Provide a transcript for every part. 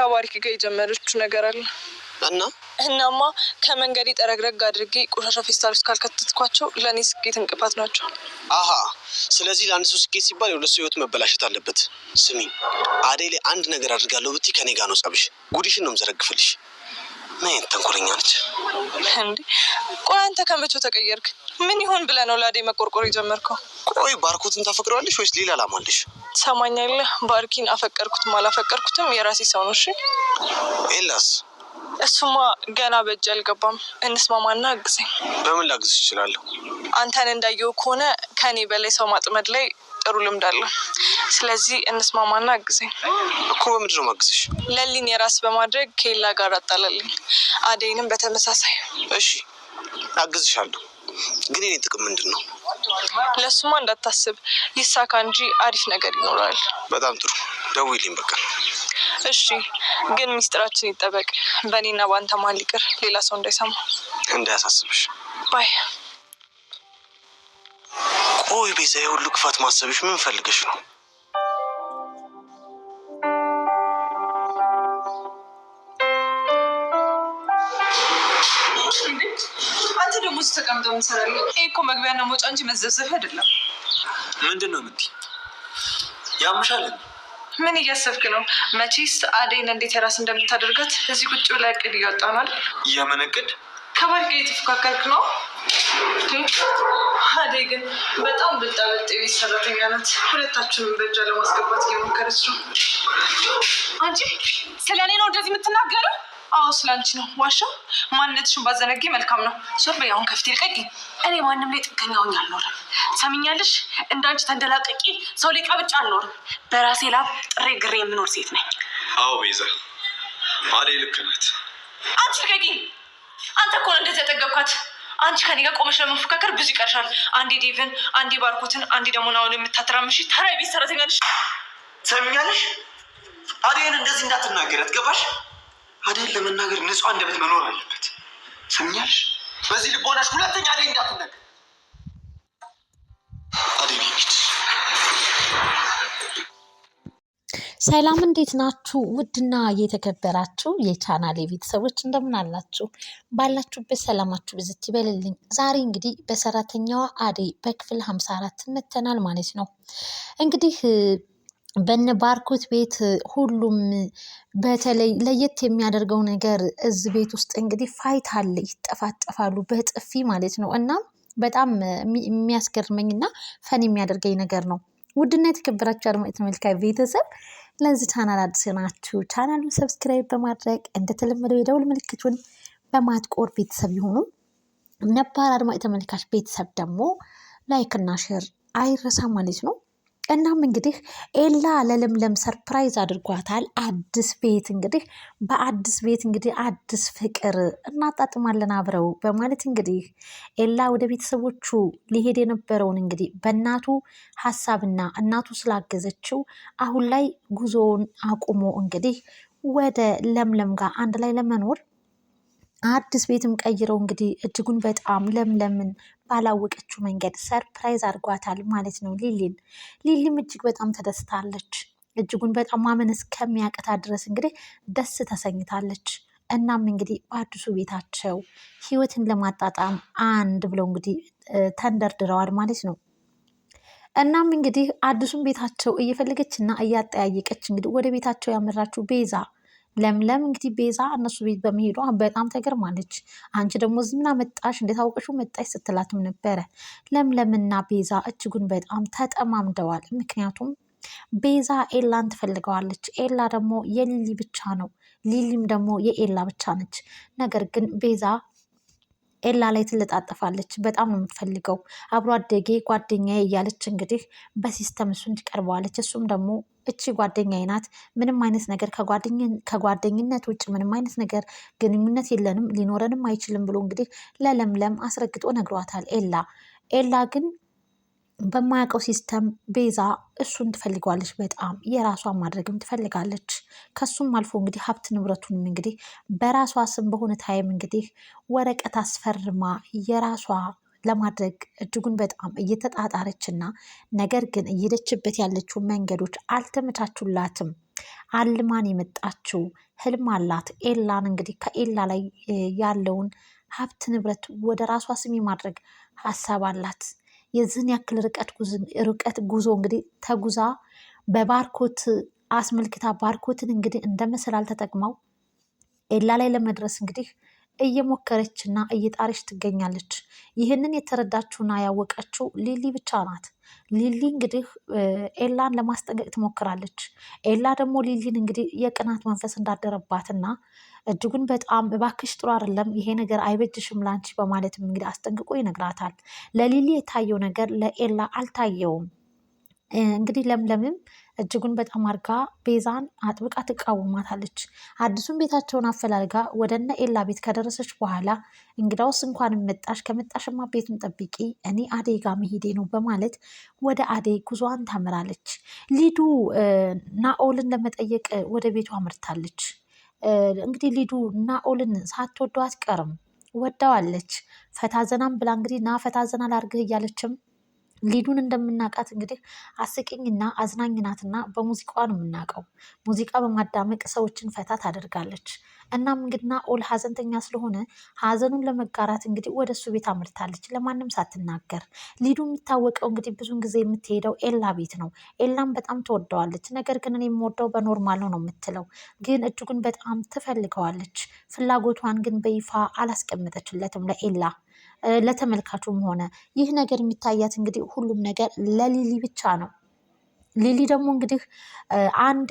ከባሪክ ጋር የጀመረችው ነገር አለ እና እናማ ከመንገድ ጠረግረግ አድርጌ ቆሻሻ ፌስታል ውስጥ ካልከተትኳቸው ለእኔ ስኬት እንቅፋት ናቸው። አሀ ስለዚህ ለአንድ ሰው ስኬት ሲባል የሁለት ሰው ህይወት መበላሸት አለበት። ስሚ አዴ ላይ አንድ ነገር አድርጋለሁ ብቲ ከኔ ጋር ነው ጸብሽ። ጉዲሽን ነው ምዘረግፍልሽ ምን አይነት ተንኮለኛ ነች እንዴ! ቆይ አንተ ከመቼ ተቀየርክ? ምን ይሆን ብለህ ነው ላዴ መቆርቆር የጀመርከው? ቆይ ባርኮትን ታፈቅረዋለሽ ወይስ ሌላ ላማለሽ? ትሰማኛለህ? ባርኪን አፈቀርኩትም አላፈቀርኩትም የራሴ ሰው ነው። እሺ ኤላስ እሱማ ገና በእጅ አልገባም። እንስማማና አግዘኝ። በምን ላግዝ እችላለሁ? አንተን እንዳየው ከሆነ ከኔ በላይ ሰው ማጥመድ ላይ ጥሩ ልምድ አለ። ስለዚህ እንስማማና አግዘኝ እኮ። በምንድን ነው ማግዝሽ? ለሊን የራስ በማድረግ ከሌላ ጋር አጣላለኝ። አደይንም በተመሳሳይ። እሺ አግዝሻለሁ፣ ግን የኔ ጥቅም ምንድን ነው? ለሱማ እንዳታስብ፣ ይሳካ እንጂ አሪፍ ነገር ይኖራል። በጣም ጥሩ ደውይልኝ በቃ። እሺ፣ ግን ሚስጥራችን ይጠበቅ። በእኔና በአንተ ማሊቅር ሌላ ሰው እንዳይሰማ እንዳያሳስብሽ። ባይ ቆይ ቤዛ፣ የሁሉ ክፋት ማሰብሽ ምን ፈልገሽ ነው? አንተ ደግሞ ተቀምጠው እንሰራለን። ይሄ እኮ መግቢያና መውጫ እንጂ መዘብዘፍ አይደለም። ምንድን ነው የምትይ? ያምሻል። ምን እያሰብክ ነው? መቼስ አደይን እንዴት የራስ እንደምታደርጋት እዚህ ቁጭ ብላ እቅድ እያወጣናል። የምን እቅድ? ከባድ ጋር ነው አዴ ግን በጣም ብልጣ የቤት ሰራተኛ ናት። ሁለታችንም በእጃ ለማስገባት እየሞከረች ነው። አንቺ ስለ እኔ ነው እንደዚህ የምትናገረው? አዎ ስላንቺ ነው። ዋሻው ማንነትሽን ባዘነጊ መልካም ነው። ሶርበ አሁን ከፊቴ ልቀቂ። እኔ ማንም ላይ ጥገኛ ሆኜ አልኖርም። ሰምኛለሽ? እንዳንቺ ተንደላቀቂ ሰው ላይ ቀብጬ አልኖርም። በራሴ ላብ ጥሬ ግሬ የምኖር ሴት ነኝ። አዎ ቤዛ፣ አዴ ልክ ናት። አንቺ ልቀቂ። አንተ እኮ እንደዚህ ያጠገብኳት አንቺ ከኔ ጋር ቆመሽ ለመፎካከር ብዙ ይቀርሻል። አንዴ ዴቭን፣ አንዴ ባርኮትን፣ አንዴ ደግሞ ናሆን የምታተራምሽ ተራ ቤት ሰራተኛ ነሽ። ሰሚኛለሽ? አደይን እንደዚህ እንዳትናገረት ገባሽ? አደይን ለመናገር ንጹሕ አንደበት መኖር አለበት። ሰሚኛለሽ? በዚህ ልቦናሽ ሁለተኛ አደይ እንዳትናገር ሰላም እንዴት ናችሁ? ውድና የተከበራችሁ የቻናሌ ቤተሰቦች እንደምን አላችሁ? ባላችሁበት ሰላማችሁ ብዝት ይበልልኝ። ዛሬ እንግዲህ በሰራተኛዋ አደይ በክፍል ሀምሳ አራት መተናል ማለት ነው እንግዲህ በነ ባርኮት ቤት ሁሉም በተለይ ለየት የሚያደርገው ነገር እዚህ ቤት ውስጥ እንግዲህ ፋይት አለ፣ ይጠፋጠፋሉ በጥፊ ማለት ነው። እና በጣም የሚያስገርመኝ እና ፈን የሚያደርገኝ ነገር ነው። ውድና የተከበራችሁ አድማጭ ተመልካች ቤተሰብ ለዚህ ቻናል አዲስ ናችሁ ቻናሉን ሰብስክራይብ በማድረግ እንደተለመደው የደውል ምልክቱን በማጥቆር ቤተሰብ ይሁኑ። ነባር አድማጭ ተመልካች ቤተሰብ ደግሞ ላይክና ሼር አይረሳ ማለት ነው። እናም እንግዲህ ኤላ ለለምለም ሰርፕራይዝ አድርጓታል። አዲስ ቤት እንግዲህ በአዲስ ቤት እንግዲህ አዲስ ፍቅር እናጣጥማለን አብረው በማለት እንግዲህ ኤላ ወደ ቤተሰቦቹ ሊሄድ የነበረውን እንግዲህ በእናቱ ሀሳብና እናቱ ስላገዘችው አሁን ላይ ጉዞውን አቁሞ እንግዲህ ወደ ለምለም ጋር አንድ ላይ ለመኖር አዲስ ቤትም ቀይረው እንግዲህ እጅጉን በጣም ለምለምን ባላወቀችው መንገድ ሰርፕራይዝ አድርጓታል ማለት ነው ሊሊን። ሊሊም እጅግ በጣም ተደስታለች። እጅጉን በጣም ማመን እስከሚያቅታት ድረስ እንግዲህ ደስ ተሰኝታለች። እናም እንግዲህ በአዲሱ ቤታቸው ህይወትን ለማጣጣም አንድ ብለው እንግዲህ ተንደርድረዋል ማለት ነው። እናም እንግዲህ አዲሱን ቤታቸው እየፈለገችና እያጠያየቀች እንግዲህ ወደ ቤታቸው ያመራችው ቤዛ ለምለም እንግዲህ ቤዛ እነሱ ቤት በመሄዷ በጣም ተገርማለች። አንቺ ደግሞ እዚህ ምን አመጣሽ እንደታወቀሽው መጣሽ ስትላትም ነበረ። ለምለምና ቤዛ እጅጉን በጣም ተጠማምደዋል። ምክንያቱም ቤዛ ኤላን ትፈልገዋለች። ኤላ ደግሞ የሊሊ ብቻ ነው፣ ሊሊም ደግሞ የኤላ ብቻ ነች። ነገር ግን ቤዛ ኤላ ላይ ትለጣጠፋለች። በጣም ነው የምትፈልገው አብሮ አደጌ ጓደኛ እያለች እንግዲህ በሲስተም እሱ እንዲቀርበዋለች። እሱም ደግሞ እቺ ጓደኛዬ ናት። ምንም አይነት ነገር ከጓደኝነት ውጭ ምንም አይነት ነገር ግንኙነት የለንም ሊኖረንም አይችልም ብሎ እንግዲህ ለለምለም አስረግጦ ነግሯታል። ኤላ ኤላ ግን በማያውቀው ሲስተም ቤዛ እሱን ትፈልጓለች። በጣም የራሷ ማድረግም ትፈልጋለች። ከሱም አልፎ እንግዲህ ሀብት ንብረቱንም እንግዲህ በራሷ ስም በሆነ ታይም እንግዲህ ወረቀት አስፈርማ የራሷ ለማድረግ እጅጉን በጣም እየተጣጣረችና ነገር ግን እየሄደችበት ያለችው መንገዶች አልተመቻቹላትም። አልማን የመጣችው ህልም አላት። ኤላን እንግዲህ ከኤላ ላይ ያለውን ሀብት ንብረት ወደ ራሷ ስም የማድረግ ሀሳብ አላት። የዚህን ያክል ርቀት ጉዞ እንግዲህ ተጉዛ በባርኮት አስመልክታ ባርኮትን እንግዲህ እንደ መሰላል ተጠቅመው ኤላ ላይ ለመድረስ እንግዲህ እየሞከረችና እየጣረች ትገኛለች። ይህንን የተረዳችውና ያወቀችው ሊሊ ብቻ ናት። ሊሊ እንግዲህ ኤላን ለማስጠንቀቅ ትሞክራለች። ኤላ ደግሞ ሊሊን እንግዲህ የቅናት መንፈስ እንዳደረባትና እጅጉን በጣም እባክሽ ጥሩ አይደለም ይሄ ነገር አይበጅሽም ላንቺ በማለትም እንግዲህ አስጠንቅቆ ይነግራታል። ለሊሊ የታየው ነገር ለኤላ አልታየውም። እንግዲህ ለምለምም እጅጉን በጣም አርጋ ቤዛን አጥብቃ ትቃወማታለች። አዲሱን ቤታቸውን አፈላልጋ ወደ እነ ኤላ ቤት ከደረሰች በኋላ እንግዳውስ እንኳን መጣሽ፣ ከመጣሽማ ቤቱን ጠብቂ፣ እኔ አደይ ጋ መሄዴ ነው በማለት ወደ አደይ ጉዟን ታምራለች። ሊዱ ናኦልን ለመጠየቅ ወደ ቤቱ አምርታለች። እንግዲህ ሊዱ ናኦልን ሳትወደው አትቀርም፣ ወዳዋለች። ፈታ ዘናም ብላ እንግዲህ ና ፈታ ዘና ላርግህ እያለችም ሊዱን እንደምናውቃት እንግዲህ አስቂኝና አዝናኝ ናትና በሙዚቃዋ ነው የምናውቀው። ሙዚቃ በማዳመቅ ሰዎችን ፈታ ታደርጋለች። እናም እንግድና ኦል ሀዘንተኛ ስለሆነ ሀዘኑን ለመጋራት እንግዲህ ወደ እሱ ቤት አምርታለች ለማንም ሳትናገር። ሊዱ የሚታወቀው እንግዲህ ብዙን ጊዜ የምትሄደው ኤላ ቤት ነው። ኤላም በጣም ትወደዋለች። ነገር ግን እኔ የምወደው በኖርማል ነው ነው የምትለው። ግን እጅጉን በጣም ትፈልገዋለች። ፍላጎቷን ግን በይፋ አላስቀምጠችለትም ለኤላ ለተመልካቹም ሆነ ይህ ነገር የሚታያት እንግዲህ ሁሉም ነገር ለሊሊ ብቻ ነው። ሊሊ ደግሞ እንግዲህ አንዴ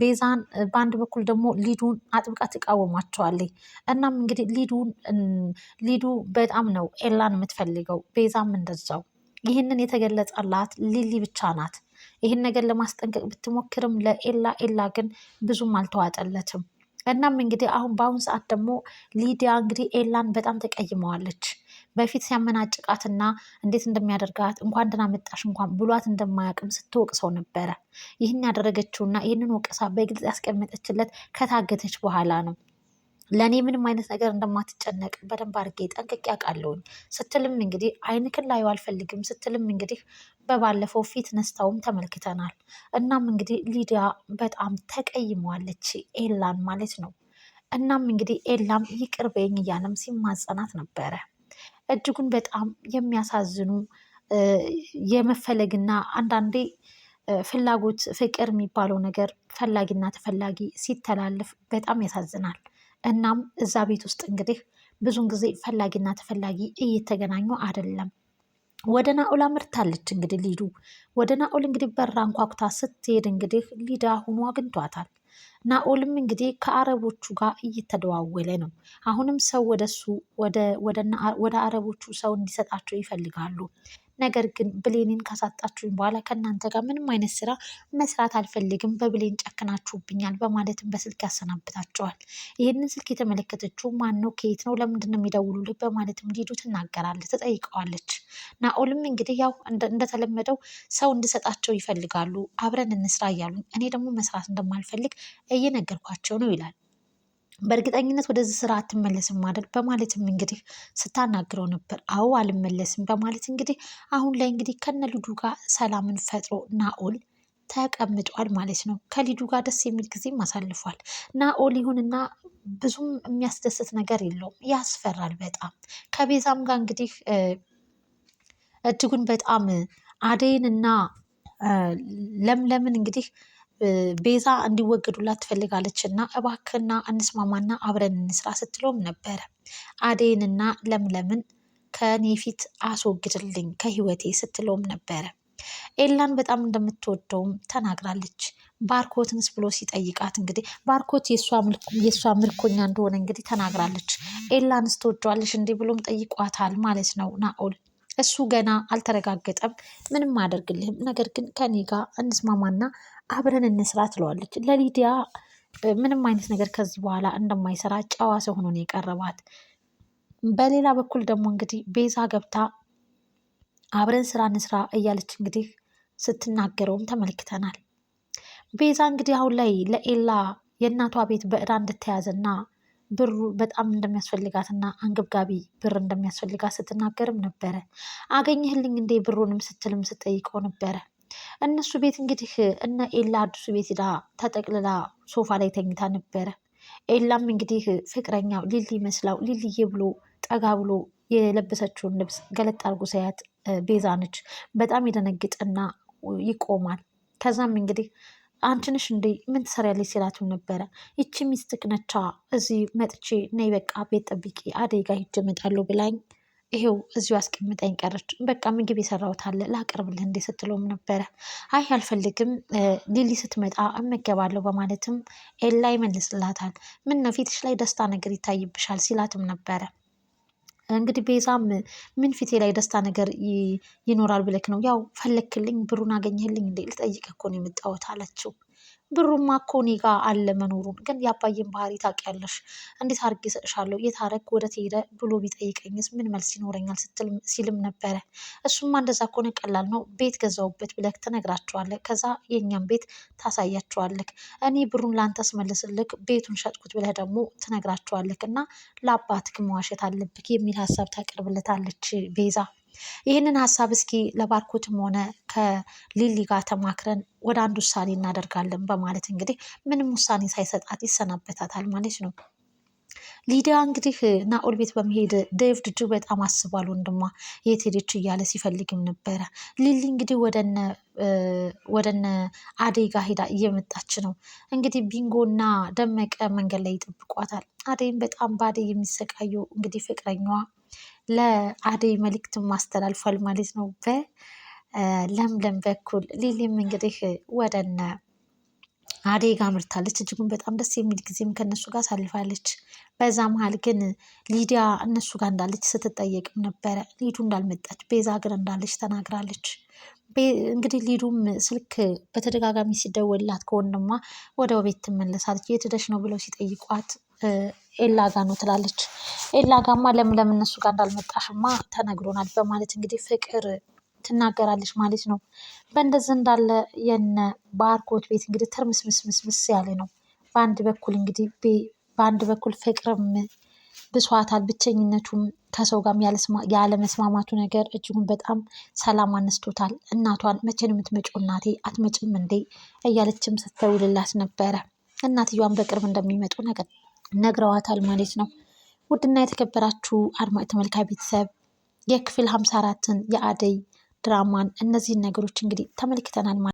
ቤዛን በአንድ በኩል ደግሞ ሊዱን አጥብቃ ትቃወማቸዋለች። እናም እንግዲህ ሊዱን ሊዱ በጣም ነው ኤላን የምትፈልገው፣ ቤዛም እንደዛው። ይህንን የተገለጸላት ሊሊ ብቻ ናት። ይህን ነገር ለማስጠንቀቅ ብትሞክርም ለኤላ ኤላ ግን ብዙም አልተዋጠለትም። እናም እንግዲህ አሁን በአሁን ሰዓት ደግሞ ሊዲያ እንግዲህ ኤላን በጣም ተቀይመዋለች። በፊት ሲያመናጭቃትና እንዴት እንደሚያደርጋት እንኳን ደህና መጣሽ እንኳን ብሏት እንደማያውቅም ስትወቅሰው ነበረ። ይህን ያደረገችውና ይህንን ወቀሳ በግልጽ ያስቀመጠችለት ከታገተች በኋላ ነው። ለእኔ ምንም አይነት ነገር እንደማትጨነቅ በደንብ አድርጌ ጠንቅቄ አውቃለሁኝ ስትልም እንግዲህ አይንክን ላዩ አልፈልግም ስትልም እንግዲህ በባለፈው ፊት ነስታውም ተመልክተናል። እናም እንግዲህ ሊዲያ በጣም ተቀይመዋለች ኤላን ማለት ነው። እናም እንግዲህ ኤላም ይቅር በይኝ እያለም ሲማጸናት ነበረ። እጅጉን በጣም የሚያሳዝኑ የመፈለግና አንዳንዴ ፍላጎት ፍቅር የሚባለው ነገር ፈላጊና ተፈላጊ ሲተላለፍ በጣም ያሳዝናል። እናም እዛ ቤት ውስጥ እንግዲህ ብዙን ጊዜ ፈላጊና ተፈላጊ እየተገናኙ አይደለም። ወደ ናኦል አምርታለች እንግዲህ ሊዱ። ወደ ናኦል እንግዲህ በራንኳኩታ ስትሄድ እንግዲህ ሊዳ ሁኖ አግኝቷታል። ናኦልም እንግዲህ ከአረቦቹ ጋር እየተደዋወለ ነው። አሁንም ሰው ወደ ወደ አረቦቹ ሰው እንዲሰጣቸው ይፈልጋሉ። ነገር ግን ብሌንን ካሳጣችሁኝ በኋላ ከእናንተ ጋር ምንም አይነት ስራ መስራት አልፈልግም፣ በብሌን ጨክናችሁብኛል በማለትም በስልክ ያሰናብታቸዋል። ይህንን ስልክ የተመለከተችው ማን ነው? ከየት ነው? ለምንድን ነው የሚደውሉልህ? በማለትም ሊዱ ትናገራለች፣ ተጠይቀዋለች። ናኦልም እንግዲህ ያው እንደተለመደው ሰው እንድሰጣቸው ይፈልጋሉ፣ አብረን እንስራ እያሉኝ እኔ ደግሞ መስራት እንደማልፈልግ እየነገርኳቸው ነው ይላል። በእርግጠኝነት ወደዚህ ስራ አትመለስም አይደል? በማለትም እንግዲህ ስታናግረው ነበር። አዎ አልመለስም በማለት እንግዲህ አሁን ላይ እንግዲህ ከነ ልዱ ጋር ሰላምን ፈጥሮ ናኦል ተቀምጧል ማለት ነው። ከሊዱ ጋር ደስ የሚል ጊዜም አሳልፏል። ናኦል ይሁንና ብዙም የሚያስደስት ነገር የለውም፣ ያስፈራል በጣም። ከቤዛም ጋር እንግዲህ እጅጉን በጣም አደይንና ለምለምን እንግዲህ ቤዛ እንዲወገዱላት ትፈልጋለች እና እባክና እንስማማና አብረን እንስራ ስትለውም ነበረ። አደይንና ለምለምን ከኔ ፊት አስወግድልኝ ከህይወቴ ስትለውም ነበረ። ኤላን በጣም እንደምትወደውም ተናግራለች። ባርኮትንስ ብሎ ሲጠይቃት እንግዲህ ባርኮት የእሷ ምርኮኛ እንደሆነ እንግዲህ ተናግራለች። ኤላንስ ትወደዋለች እንዲህ ብሎም ጠይቋታል ማለት ነው ናኦል እሱ ገና አልተረጋገጠም፣ ምንም አደርግልህም፣ ነገር ግን ከኔ ጋር እንስማማና አብረን እንስራ ትለዋለች። ለሊዲያ ምንም አይነት ነገር ከዚህ በኋላ እንደማይሰራ ጨዋ ሰው ሆኖ ነው የቀረባት። በሌላ በኩል ደግሞ እንግዲህ ቤዛ ገብታ አብረን ስራ እንስራ እያለች እንግዲህ ስትናገረውም ተመልክተናል። ቤዛ እንግዲህ አሁን ላይ ለኤላ የእናቷ ቤት በዕዳ እንደተያዘና ብሩ በጣም እንደሚያስፈልጋትና አንገብጋቢ ብር እንደሚያስፈልጋት ስትናገርም ነበረ። አገኘህልኝ እንዴ ብሩንም ስትልም ስጠይቀው ነበረ። እነሱ ቤት እንግዲህ እነ ኤላ አዲሱ ቤት ሄዳ ተጠቅልላ ሶፋ ላይ ተኝታ ነበረ። ኤላም እንግዲህ ፍቅረኛው ሊሊ ይመስላው ሊልዬ ብሎ ጠጋ ብሎ የለበሰችውን ልብስ ገለጥ አድርጎ ሳያት ቤዛ ነች። በጣም ይደነግጥና ይቆማል። ከዛም እንግዲህ አንችንሽ እንዴ ምን ትሰሪያለሽ? ሲላትም ነበረ። ይቺ ሚስትክ ነቻ እዚህ መጥቼ ነይ በቃ ቤት ጠብቂ አደጋ ሂጅ እመጣለሁ ብላኝ ይሄው እዚሁ አስቀምጠኝ ቀረች። በቃ ምግብ የሰራሁት አለ ላቀርብልህ እንዴ ስትለውም ነበረ። አይ አልፈልግም፣ ሊሊ ስትመጣ እመገባለሁ በማለትም ኤላ ይመልስላታል። ምን ነው ፊትሽ ላይ ደስታ ነገር ይታይብሻል ሲላትም ነበረ። እንግዲህ ቤዛም ምን ፊቴ ላይ ደስታ ነገር ይኖራል ብለክ ነው? ያው ፈለክልኝ፣ ብሩን አገኘህልኝ እንዴ? ልጠይቅህ እኮ ነው አለችው። ብሩማ እኮ እኔ አለ መኖሩን ግን የአባዬን ባህሪ ታውቂያለሽ፣ እንዴት አድርጌ እሰጥሻለሁ የታረክ ወደ ትሄደ ብሎ ቢጠይቀኝስ ምን መልስ ይኖረኛል ሲልም ነበረ። እሱማ እንደዛ ከሆነ ቀላል ነው፣ ቤት ገዛውበት ብለክ ትነግራቸዋለህ። ከዛ የእኛም ቤት ታሳያቸዋለክ። እኔ ብሩን ለአንተ ስመልስልክ ቤቱን ሸጥኩት ብለህ ደግሞ ትነግራቸዋለክ። እና ለአባትክ መዋሸት አለብክ የሚል ሀሳብ ታቀርብለታለች ቤዛ። ይህንን ሀሳብ እስኪ ለባርኮትም ሆነ ከሊሊ ጋር ተማክረን ወደ አንድ ውሳኔ እናደርጋለን በማለት እንግዲህ ምንም ውሳኔ ሳይሰጣት ይሰናበታታል ማለት ነው። ሊዲያ እንግዲህ ናኦል ቤት በመሄድ ዴቪድ እጅግ በጣም አስቧል። ወንድሟ የት ሄደች እያለ ሲፈልግም ነበረ። ሊሊ እንግዲህ ወደነ አደይ ጋ ሄዳ እየመጣች ነው። እንግዲህ ቢንጎና ደመቀ መንገድ ላይ ይጠብቋታል። አደይም በጣም በአደይ የሚሰቃየው እንግዲህ ፍቅረኛዋ ለአደይ መልእክት ማስተላልፏል ማለት ነው በለምለም በኩል። ሊሊም እንግዲህ ወደነ አደይ ጋር አምርታለች። እጅጉን በጣም ደስ የሚል ጊዜም ከእነሱ ጋር አሳልፋለች። በዛ መሀል ግን ሊዲያ እነሱ ጋር እንዳለች ስትጠየቅም ነበረ። ሊዱ እንዳልመጣች ቤዛ ግን እንዳለች ተናግራለች። እንግዲህ ሊዱም ስልክ በተደጋጋሚ ሲደወልላት ከወንድሟ ወደ ቤት ትመለሳለች። የት ሄደሽ ነው ብለው ሲጠይቋት ኤላ ጋ ነው ትላለች። ኤላ ጋማ ለምን ለምን እነሱ ጋር እንዳልመጣሽማ ተነግሮናል በማለት እንግዲህ ፍቅር ትናገራለች ማለት ነው። በእንደዚህ እንዳለ የነ ባርኮት ቤት እንግዲህ ትርምስምስምስምስ ያለ ነው። በአንድ በኩል እንግዲህ በአንድ በኩል ፍቅርም ብሷታል፣ ብቸኝነቱም ከሰው ጋር ያለመስማማቱ ነገር እጅጉን በጣም ሰላም አነስቶታል። እናቷን መቼ ነው የምትመጪው እናቴ አትመጭም እንዴ እያለችም ስትደውልላት ነበረ። እናትየዋን በቅርብ እንደሚመጡ ነገር ነግረዋታል ማለት ነው። ውድና የተከበራችሁ አድማጭ ተመልካች ቤተሰብ የክፍል 54ን የአደይ ድራማን እነዚህን ነገሮች እንግዲህ ተመልክተናል ማለት